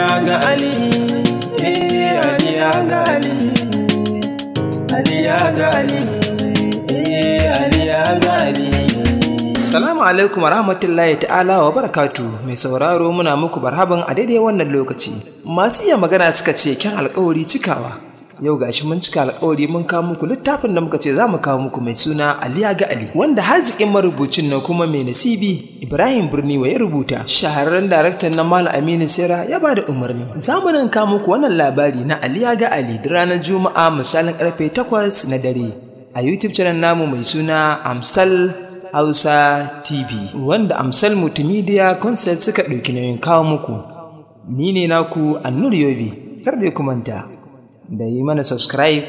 Aliya ga Ali, eh ga Ali, ya ga Ali, eh ga Ali. Salamu alaikum rahmatullahi ta'ala wa barakatu mai sauraro muna muku barhaban a daidai wannan lokaci. Masu iya magana suka ce kyan alkawari cikawa. yau gashi mun cika alkawari mun kawo muku littafin da muka ce za mu kawo muku mai suna Aliya ga Ali wanda haziƙin marubucin na kuma mai nasibi Ibrahim birni wa ya rubuta shahararren daraktan na Malam Aminu Sera ya ba da umarni zamanin kawo muku wannan labari na Aliya ga Ali da ranar Juma'a misalin karfe 8 na dare a YouTube channel namu mai suna Amsal Hausa TV wanda Amsal Multimedia Concept suka ɗauki nauyin kawo muku ni ne naku Annur Yobe kar da ku manta da yi mana subscribe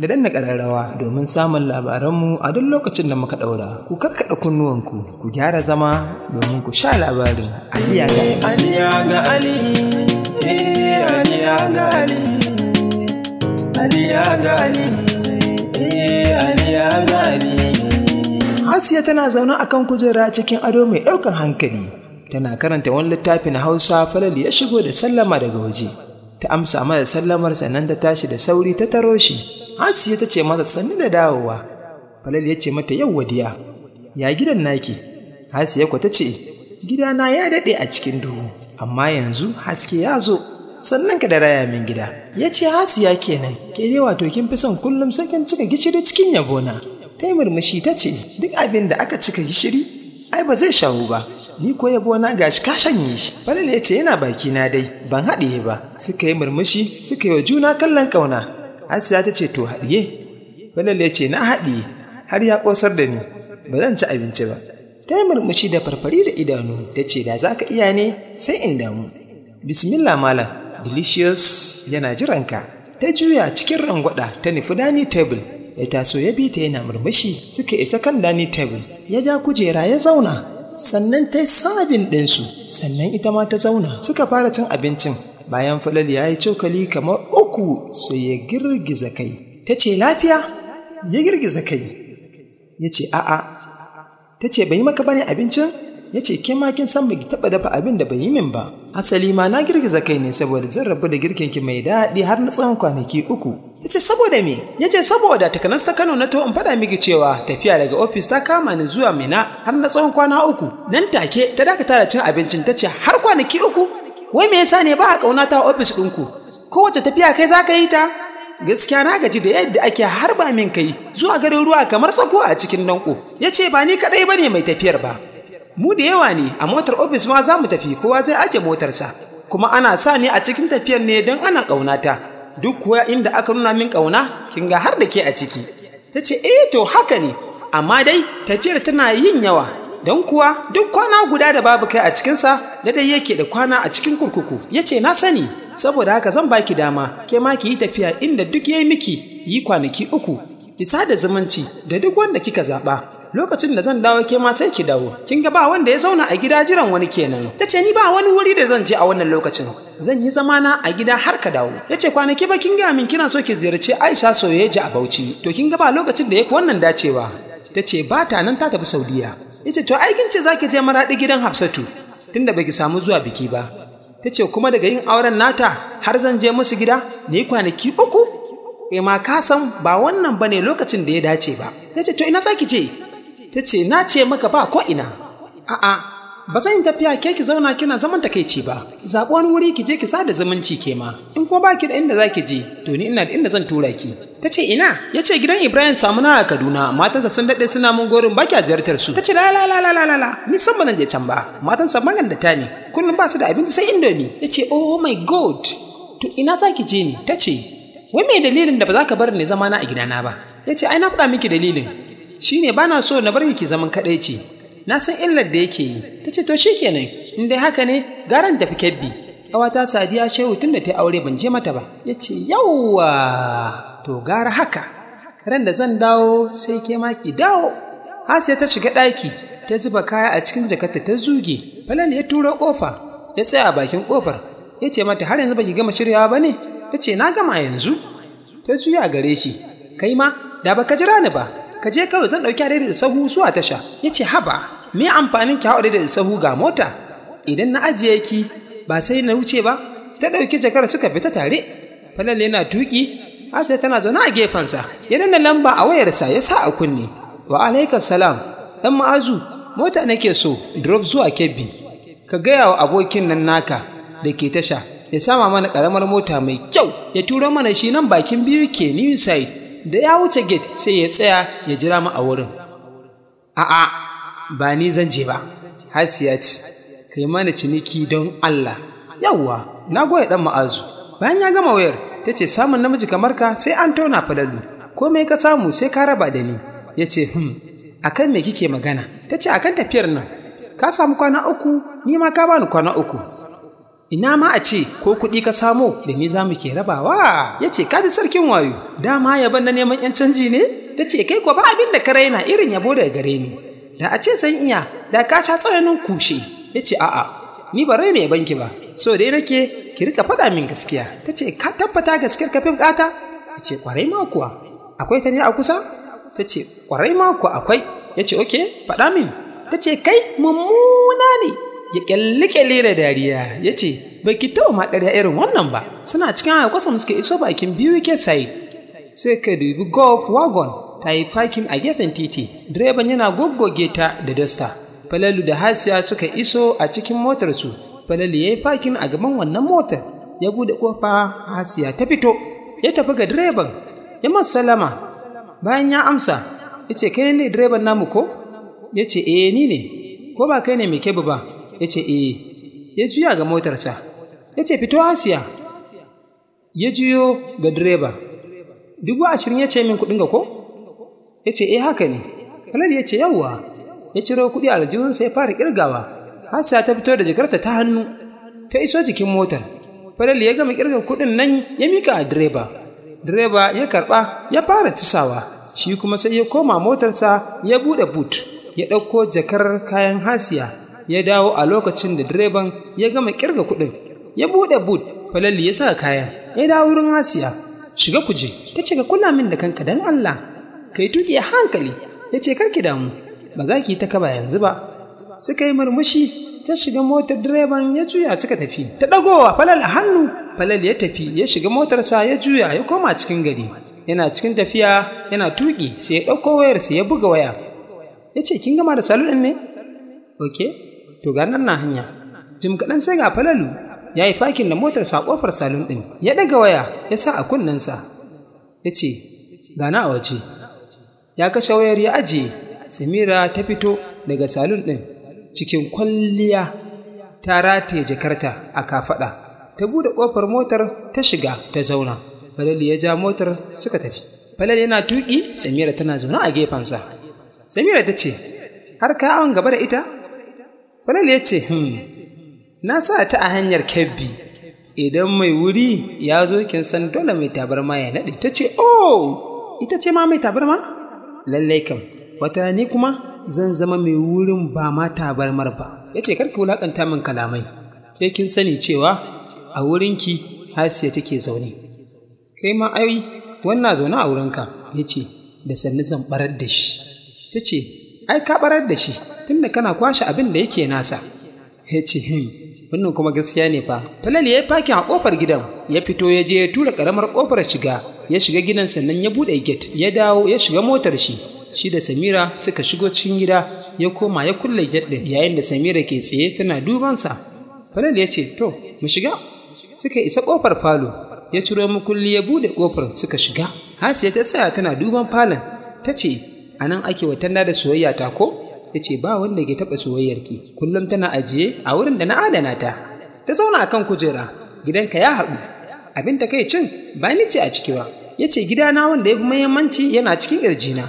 da danna ƙararrawa domin samun labaranmu a duk lokacin da muka ɗaura ku karkaɗa kunnuwanku ku gyara zama domin ku sha labarin aliya ga Ali aliya ga Ali eh, aliya ga ali hasiya eh, tana zaune akan kujera cikin ado mai ɗaukar hankali tana karanta wani littafin hausa falal ya shigo da sallama daga waje ta amsa mata sallamar sannan ta tashi da sauri ta taro shi hasiya ta ce mata sannu da dawowa falal ya ce mata yau wadiya ya gidan naki hasiya ko ta ce gidana ya daɗe a cikin duhu amma yanzu haske ya zo sannan ka da raya min gida ya ce hasiya kenan ke dai wato kin fi son kullum sakin cika gishiri cikin yabona ta yi murmushi ta ce duk abin da aka cika gishiri ai ba zai shawo ba ni ko yabo na gashi ka shanye shi falal ya ce yana baki na dai ban haɗiye ba suka yi murmushi suka yi wa juna kallon ƙauna Asiya ta ce to haɗiye falal ya ce na haɗiye har ya ƙosar da ni ba zan ci abinci ba ta yi murmushi da farfari da idanu ta ce da za ka iya ne sai in damu bismillah malam delicious yana jiran ka ta juya cikin rangwada ta nufi dani table ya taso ya bi ta yana murmushi suka isa kan dani table ya ja kujera ya zauna sannan ta yi sabin ɗinsu sannan ita ma ta zauna suka fara cin abincin bayan falal ya yi cokali kamar uku sai ya girgiza kai ta ce lafiya ya girgiza kai ya ce a'a ta ce bai maka bane abincin ya ce ke ma kin san ba ki taɓa dafa abin da bai yi min ba asali ma na girgiza kai ne saboda zan rabu da ki mai daɗi har na tsawon kwanaki uku ya ce saboda me ya ce saboda takanas ta kano na to in faɗa miki cewa tafiya daga ofis ta kama ni zuwa mina har na tsawon kwana uku nan take ta dakata da cin abincin ta ce har kwanaki uku wai me yasa ne ba a ƙauna ta ofis ɗinku kowace tafiya kai za ka yi ta gaskiya na gaji da yadda ake harba min kai zuwa garin ruwa kamar tsako a cikin danko ya ce ba ni kaɗai ba ne mai tafiyar ba mu da yawa ne a motar ofis ma za mu tafi kowa zai ajiye motarsa kuma ana sa ni a cikin tafiyar ne don ana ƙaunata duk kuwa inda aka nuna min ƙauna kin ga har da ke a ciki ta ce eh to haka ne amma dai tafiyar tana yin yawa don kuwa duk kwana guda da babu kai a cikinsa da dai yake da kwana a cikin kurkuku ya ce na sani saboda haka zan baki dama ke ma ki yi tafiya inda duk ya yi miki yi kwanaki uku ki sada zumunci da duk wanda kika zaɓa lokacin da zan dawo ke ma sai ki dawo kin ga ba wanda ya zauna a gida jiran wani kenan tace ni ba wani wuri da zan je a wannan lokacin zan yi zamana a gida har ka dawo ya ce kwanaki ba kin gaya min kina so ki ziyarci aisha soyayya a bauchi to kin ga ba lokacin da ya fi wannan dacewa tace ce ba ta nan ta tafi saudiya ya ce to aikin ce zaki je maradi gidan hafsatu tunda baki samu zuwa biki ba tace kuma daga yin auren nata har zan je musu gida Ni kwanaki uku kai ma ka san ba wannan bane lokacin da ya dace ba yace to ina zaki ki je ta ce na ce maka ba ko ina a'a ba zan tafiya ke ki zauna kina zaman takaici ba zaɓi wuri ki je ki sada zumunci ke ma in kuma ba ki da inda zaki je to ni ina da inda zan tura ki ta ce ina ya ce gidan ibrahim samu a kaduna matansa sun daɗe suna mun gorin ba kya ziyartar su ta ce la la la la la la ni san ba je can ba matansa ta ne kullum ba su da abinci sai indomi ya ce oh my god to ina za je ni ta ce wai me dalilin da ba za ka bar ni zama na a gidana ba ya ce ai na faɗa miki dalilin Shi ne bana so na bar ki zaman kadaici na san illar da yake yi Ta ce to shi kenan, in dai haka ne garan tafi kebbi. kawata sadiya shehu tun da ta aure ban je mata ba Ya ce yawwa to gara haka ran da zan dawo sai ke ma ki dawo hasiya ta shiga ɗaki ta zuba kaya a cikin jakarta ta zuge falan ya turo kofa ya tsaya a bakin kofar ya ce mata har yanzu baki gama shiryawa ba ne ta ce na gama yanzu ta juya gare shi kai ma da baka jira ni ba ka je kawai zan ɗauki adai da sahu zuwa tasha ya ce haba me amfanin ki haɗe da sahu ga mota idan na ajiye ki ba sai na wuce ba ta ɗauki jakar suka fita tare falal yana tuƙi sai tana zaune a gefensa ya danna lamba a wayarsa ya sa a kunne wa alaikas salam dan ma'azu mota nake so drop zuwa kebbi ka gaya wa abokin nan naka da ke tasha ya sama mana ƙaramar mota mai kyau ya turo mana shi nan bakin biyu ke new side da ya wuce gate sai ya tsaya ya jira mu a wurin a'a ba ni zan je ba hasiya ce kai mana ciniki don Allah yawwa na goya dan ma'azu bayan ya gama wayar ta ce samun namiji kamar ka sai an tona falalu komai ka samu sai ka raba da ni ya ce hmm akan me kike magana ta ce akan tafiyar nan ka samu kwana uku ni ma ka bani kwana uku ina ma a ce ko kuɗi ka samo da ni za mu ke rabawa ya ce kaji sarkin wayo dama ban na neman yan canji ne ta ce kai ko ba abin da ka raina irin yabo daga gare ni da a ce zan iya da ka sha tsananin kushe ya ce a'a ni ba raina yaban ki ba so dai nake ki rika faɗa min gaskiya ta ce ka tabbata gaskiyar kafin ƙata ya ce kwarai ma kuwa akwai ta ne a kusa ta ce kwarai ma kuwa akwai ya ce oke faɗa min ta ce kai mummuna ne ya kyalli kyalli da dariya ya ce ba ki taɓa makarya irin wannan ba suna cikin haka kwasa suka iso bakin biyu ke sai sai ka dubi golf wagon ta yi fakin a gefen titi direban yana goggoge ta da dasta falalu da hasiya suka iso a cikin motar su falalu ya yi fakin a gaban wannan motar ya buɗe ƙofa hasiya ta fito ya tafi ga direban ya salama bayan ya amsa ya ce kai ne direban namu ko ya ce eh ni ne ko ba kai ne mai kebu ba ya ce eh ya juya ga motarsa ya ce fito asiya ya juyo ga direba dubu ashirin ya ce min kuɗin ga ko ya ce eh haka ne kalar ya ce yawwa ya ciro kuɗi aljihun ya fara ƙirgawa hasiya ta fito da jikarta ta hannu ta iso jikin motar falal ya gama ƙirga kuɗin nan ya mika a direba direba ya karɓa ya fara tisawa shi kuma sai ya koma motarsa ya buɗe but ya ɗauko jakar kayan hasiya ya dawo a lokacin da direban ya gama kirga kuɗin ya buɗe bud falalli ya sa kayan ya dawo wurin hasiya shiga kuje ta ce ka kula min da kanka dan Allah kai tuki a hankali ya ce karki damu ba za ki ta kaba yanzu ba suka yi murmushi ta shiga motar direban ya juya suka tafi ta ɗagowa falal a hannu falal ya tafi ya shiga motarsa ya juya ya koma cikin gari yana cikin tafiya yana tuƙi, sai ya ɗauko wayarsa ya buga waya ya ce kin gama da salon ne? ok to ga na hanya jim kaɗan sai ga falalu ya yi fakin da motarsa a ƙofar salon ɗin ya ɗaga waya ya sa a kunnensa ya ce gana a waje ya kashe wayar ya ajiye samira ta fito daga salon ɗin cikin kwalliya ta rataye jakarta a kafaɗa ta buɗe ƙofar motar ta shiga ta zauna Falalu ya ja motar suka tafi Falalu yana tuƙi samira tana zaune a gefensa samira ta ce har ka awon gaba da ita Falal ya ce, hmm, na sa ta a hanyar kebbi idan mai wuri ya zo kin san dole mai tabarma ya naɗe. Ta ce, oh, ita ce ma mai tabarma? Lallai kam, wata ni kuma zan zama mai wurin ba ma tabarmar ba. Ya ce, karki wulaƙanta min kalamai, ke kin sani cewa a wurinki hasiya take zaune. Kai ma ai, wannan zaune a wurinka, ya ce, da sannu zan barar da shi. Ta ce, ai ka ɓarar da shi, tunda kana kwashe abin da yake nasa ya ce hin hmm, wannan kuma gaskiya ne fa falal ya yi fakin a kofar gidan ya fito ya je ya tura karamar kofar shiga ya shiga gidan sannan ya buɗe get ya dawo ya shiga motar shi shi da samira suka shigo cikin gida ya koma ya kulle get ɗin yayin da samira ke tsaye tana dubansa falal ya ce to mu shiga suka isa kofar falo ya ciro mukulli ya buɗe kofar suka shiga hasiya ta tsaya tana duban falon ta ce a nan ake watanna da soyayya ta ko Ta ce ba wanda ke taɓa soyayyar ki kullum tana ajiye a wurin da na adana ta ta zauna akan kujera gidanka ya haɗu abin ta kai cin ba ni ce a ciki ba ya ce gidana wanda ya fi muhimmanci yana cikin na.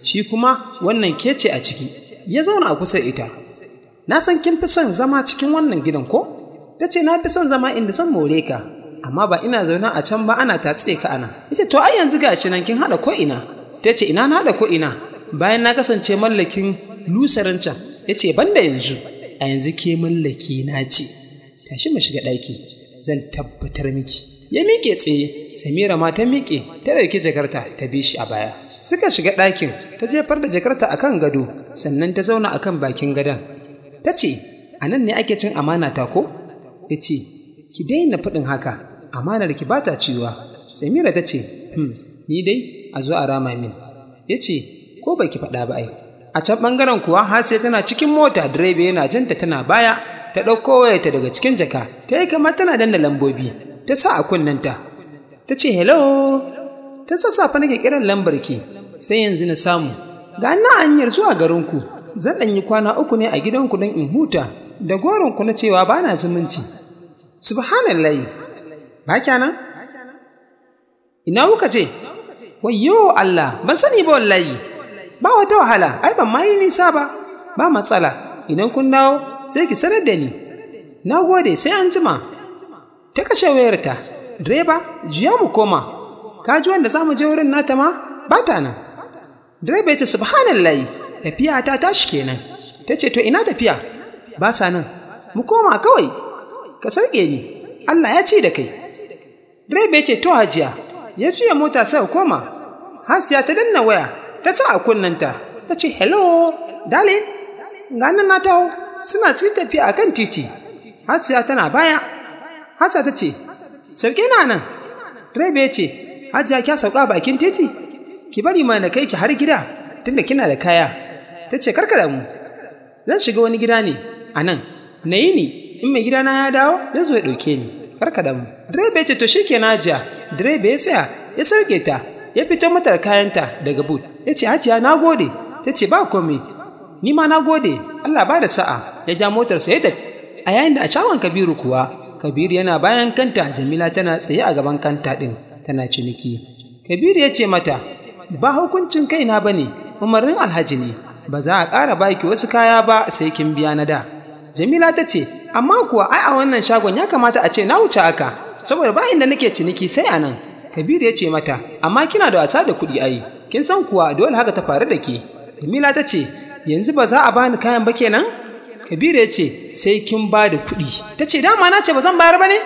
shi kuma wannan ke ce a ciki ya zauna a kusa ita na san kin fi son zama cikin wannan gidan ko ta ce na fi son zama inda zan more ka amma ba ina zaune a can ba ana tatse ka ana ya ce to ai yanzu shi nan kin haɗa ko ina ta ce ina na haɗa ko ina bayan na kasance mallakin lusarin can ya ce banda yanzu a yanzu ke mallake na ce tashi mu shiga ɗaki zan tabbatar miki ya miƙe tsaye samira ma ta miƙe ta ɗauki jakarta ta bi shi a baya suka shiga ɗakin ta jefar da jakarta a kan gado sannan ta zauna a kan bakin gadon ta ce a nan ne ake cin amana ta ko ya ce ki daina faɗin haka amanar ki ba ta ciwa samira ta ce hmm, ni dai a zo a rama min ya ce ko baki faɗa ba ai a can ɓangaren kuwa hasiya tana cikin mota direba yana janta tana baya ta ɗauko wayarta daga cikin jaka ta yi kamar tana danna lambobi ta sa a kunnenta ta ce hello ta fa nake kiran lambar ki sai yanzu na samu ga na hanyar zuwa garinku zan ɗan yi kwana uku ne a gidanku don in huta da gorinku na cewa ba zumunci subhanallahi ba kyanan ina kuka ce wayyo Allah ban sani ba wallahi ba wata wahala ai ban ma yi nisa ba ba matsala idan kun dawo sai ki sanar da ni na gode sai an jima ta kashe wayarta direba juya mu koma ka ji wanda za mu je wurin nata ma ba ta nan direba ya ce tafiya ta tashi kenan ta ce to ina tafiya ba sa nan mu koma kawai ka sarƙe ni Allah ya ci da kai direba ya ce to hajiya ya juya mota sai koma hasiya ta danna waya ta sa a kunnanta ta ce hello darling ganin na taho suna cikin tafiya a kan titi hasiya tana baya hasiya ta ce sauke na nan direba ya ce hajiya kya sauka bakin titi ki bari ma na kai ki har gida tunda kina da kaya ta ce karka mu zan shiga wani gida ne a nan na yi ni in mai gidana ya dawo ya zo ya ɗauke ni karka da mu direba ya ce to shi ke na jiya. direba ya tsaya ya sauke ta ya fito mata da kayanta daga but ya ce hajiya na gode ta ce ba komai ni ma na gode Allah ba da sa'a ya ja motarsa ya tafi a yayin da a shagon kabiru kuwa kabiru yana bayan kanta jamila tana tsaye a gaban kanta ɗin tana ciniki kabiru ya ce mata ba hukuncin kaina ba ne umarnin alhaji ne ba za a ƙara baki wasu kaya ba sai kin biya na da jamila ta ce amma kuwa ai a wannan shagon ya kamata a ce na wuce haka saboda ba da nake ciniki sai a nan Kabiru ya ce mata, amma kina da wasa da kuɗi ai, kin san kuwa dole haka ta faru da ke. Jamila ta ce, yanzu ba za a bani kayan ba kenan? Kabiru ya ce, sai kin ba da kuɗi. Ta ce, dama na ce ba zan bayar ba ne?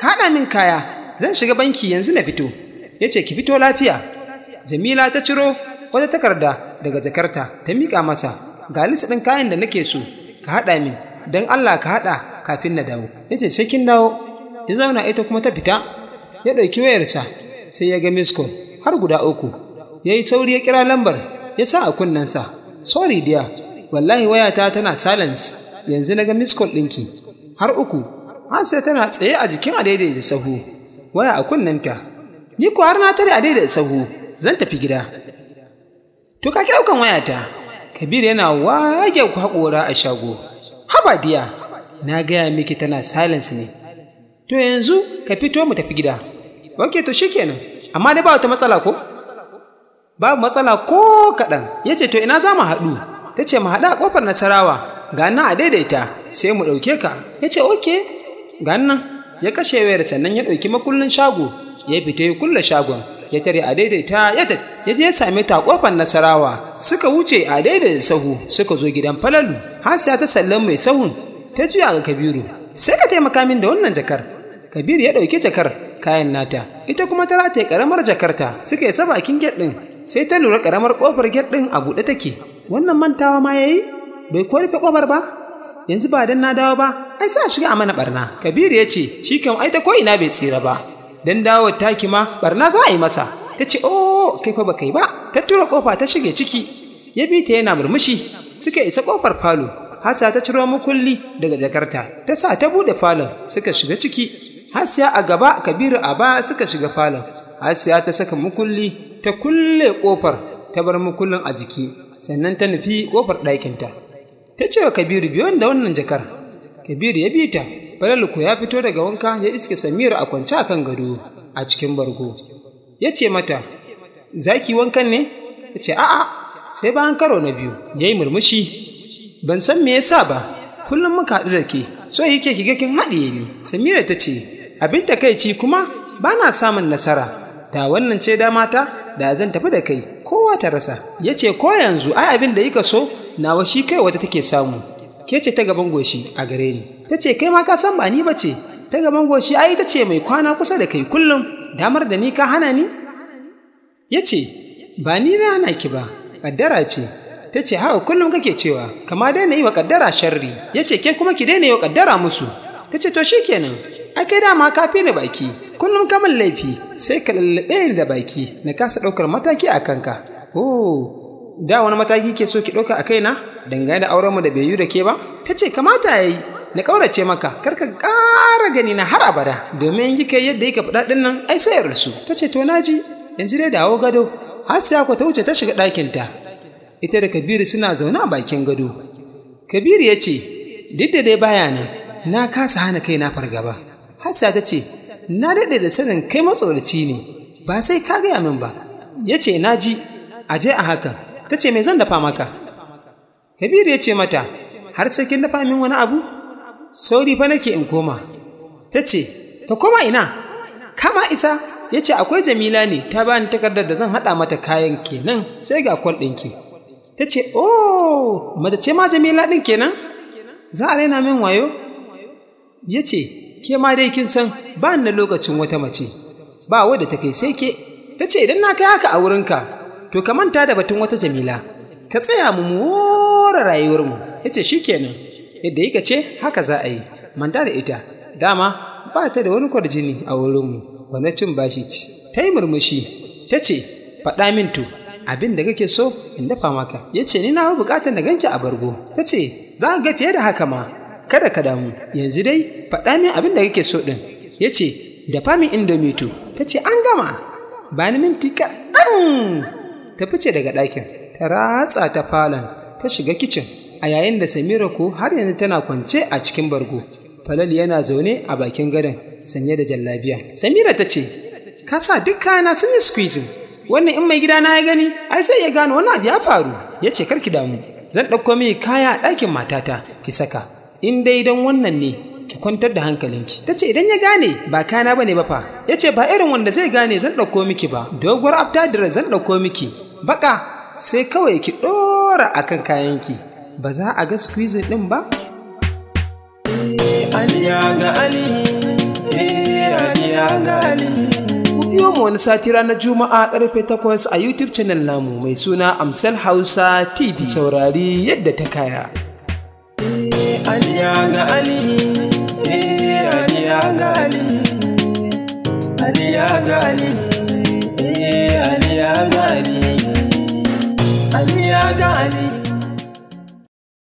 Ka haɗa min kaya, zan shiga banki yanzu na fito. Ya ce, ki fito lafiya. Jamila ta ciro wata takarda daga jakarta ta miƙa masa, ga lissafin ɗin kayan da nake so, ka haɗa min, don Allah ka haɗa kafin na dawo. Ya ce, sai kin dawo. Ya zauna ita kuma ta fita, ya ɗauki wayarsa sai ya ga miskol har guda uku ya yi sauri ya kira lambar ya sa a kunnensa sorry dear wallahi wayata tana silence yanzu na ga miskol ɗinki har uku an sai tana tsaye a jikin adaidai da sahu waya a kunnenta ni ko har na tare adaidai da sahu zan tafi gida to ka kira kan wayata kabir yana wage haƙora a shago haba diya na gaya miki tana silence ne to yanzu ka fito mu tafi gida ok to shi kenan. amma dai ba wata matsala ko babu matsala ko kaɗan ya ce to ina za mu haɗu ta ce mu haɗu a ƙofar nasarawa ga nan a daidaita sai mu ɗauke ka ya ce ok ga nan ya kashe wayar sannan ya ɗauki makullin shago ya fita ya kulle shagon ya tare a daidaita ya tafi ya je ya same ta kofar nasarawa suka wuce a daidaita sahu suka zo gidan falalu sai ta sallan mai sahun ta juya ga kabiru sai ka taimaka min da wannan jakar kabiru ya ɗauki jakar kayan nata ita kuma ta rataye karamar jakarta suka isa bakin gate din sai ta lura karamar kofar gate din a buɗe take wannan mantawa ma yayi bai ko rufe kofar ba yanzu ba dan na dawo ba ai sa shiga a mana barna kabiru ya ce shi kam ai ta ko ina bai tsira ba dan dawo taki ma barna za a yi masa ta ce oh kai fa ba kai ba ta tura kofa ta shige ciki ya bi ta yana murmushi suka isa kofar falo hasa ta ciro mukulli daga jakarta ta sa ta buɗe falon suka shiga ciki hasiya a gaba kabiru a baya suka shiga falon hasiya ta saka mukulli ta kulle kofar ta bar mukullin a jiki sannan ta nufi kofar ɗakinta ta ce wa kabiru biyon da wannan jakar kabiru ya bi ta falaluku ya fito daga wanka ya iske samiru a kwance a kan gado a cikin bargo ya ce mata zaki wankan ne ta ce a'a sai bayan karo na biyu ya yi murmushi ban san me yasa ba kullum muka haɗu da ke so yake ki ga kin haɗiye ne, samira ta ce abin takaici kuma ba na samun nasara da wannan ce da mata da zan tafi da kai kowa ta rasa ya ce ko yanzu ai abin da yika so nawa shi kai wata take samu ke ce ta gaban goshi a gare ni ta ce kai ma ka san ba ni ba ce ta gaban goshi ai ta ce mai kwana kusa da kai kullum damar da ni ka hana ni ya ce ba ni na hana ki ba kaddara ce ta ce haka kullum kake cewa kama daina yi wa kaddara sharri ya ce ke kuma ki daina yi wa kaddara musu ta ce to shi kenan ake dama ka fi ni baki kullum kamar laifi sai ka lallaɓe ni da baki na kasa ɗaukar mataki a kanka oh da wani mataki ke so ki ɗauka a kai na? dangane da aurenmu da bai yi da ke ba ta ce kamata ya yi na ƙaurace maka kar ka ƙara gani na har abada domin yi kai yadda yake faɗa ɗin nan ai sayar rasu ta ce to naji yanzu dai dawo gado har sai ku ta wuce ta shiga ɗakinta ita da kabiru suna zaune a bakin gado kabiru ya ce duk da dai baya nan na kasa hana kai na fargaba hassa ta ce na daɗe da sanin kai matsoraci ne ba sai ka gaya min ba ya ce na ji a je a haka ta ce me zan dafa maka kabiru ya ce mata har sai kin dafa min wani abu sauri fa nake in koma ta ce ka koma ina kama isa ya ce akwai jamila ne ta bani takardar da zan haɗa mata kayan kenan sai ga kwal ɗinki ta ce oh Mace ce ma jamila ɗin kenan za a raina min wayo ya ce ke ma dai kin san ba na lokacin wata mace ba wadda ta kai sai ke ta ce idan na kai haka a wurinka to ka manta da batun wata jamila ka tsaya mu more rayuwarmu ya ce kenan yadda yi ce haka za a yi manta da ita dama ba ta da wani kwarjini a wurinmu wani cin bashi ci ta yi murmushi ta ce faɗa min to abin da kake so in dafa maka Yace ni na bukatar na ganki a bargo ta ce za ga fiye da haka ma kada ka damu yanzu dai faɗa min abin da kake so ɗin ya ce dafa min indomito ta ce an gama ba ni minti kaɗan ta fice daga ɗakin ta ratsa ta falon ta shiga kicin a yayin da samira ko har yanzu tana kwance a cikin bargo falal yana zaune a bakin gadon sanye da jallabiya samira ta ce ka sa duk kayana sun yi squeezing wannan in mai gida na ya gani ai sai ya gano wani abu ya faru ya ce kar ki damu zan ɗauko mini kaya a ɗakin matata ki saka in dai don wannan ne ki kwantar da hankalinki ta ce idan ya gane ba kana ba ne ba fa ya ce ba irin wanda zai gane zan ɗauko miki ba doguwar abdadira zan ɗauko miki Baƙa, sai kawai ki ɗora akan kayanki ba za a ga squeeze ɗin ba eh, Yau eh, mu wani sati ranar Juma'a ƙarfe takwas a YouTube channel namu mai suna Amsal Hausa TV saurari yadda ta kaya. ya ga Ali, eh Aliya ga Ali, Aliya ga Ali, eh Aliya ga Ali, ya ga Ali.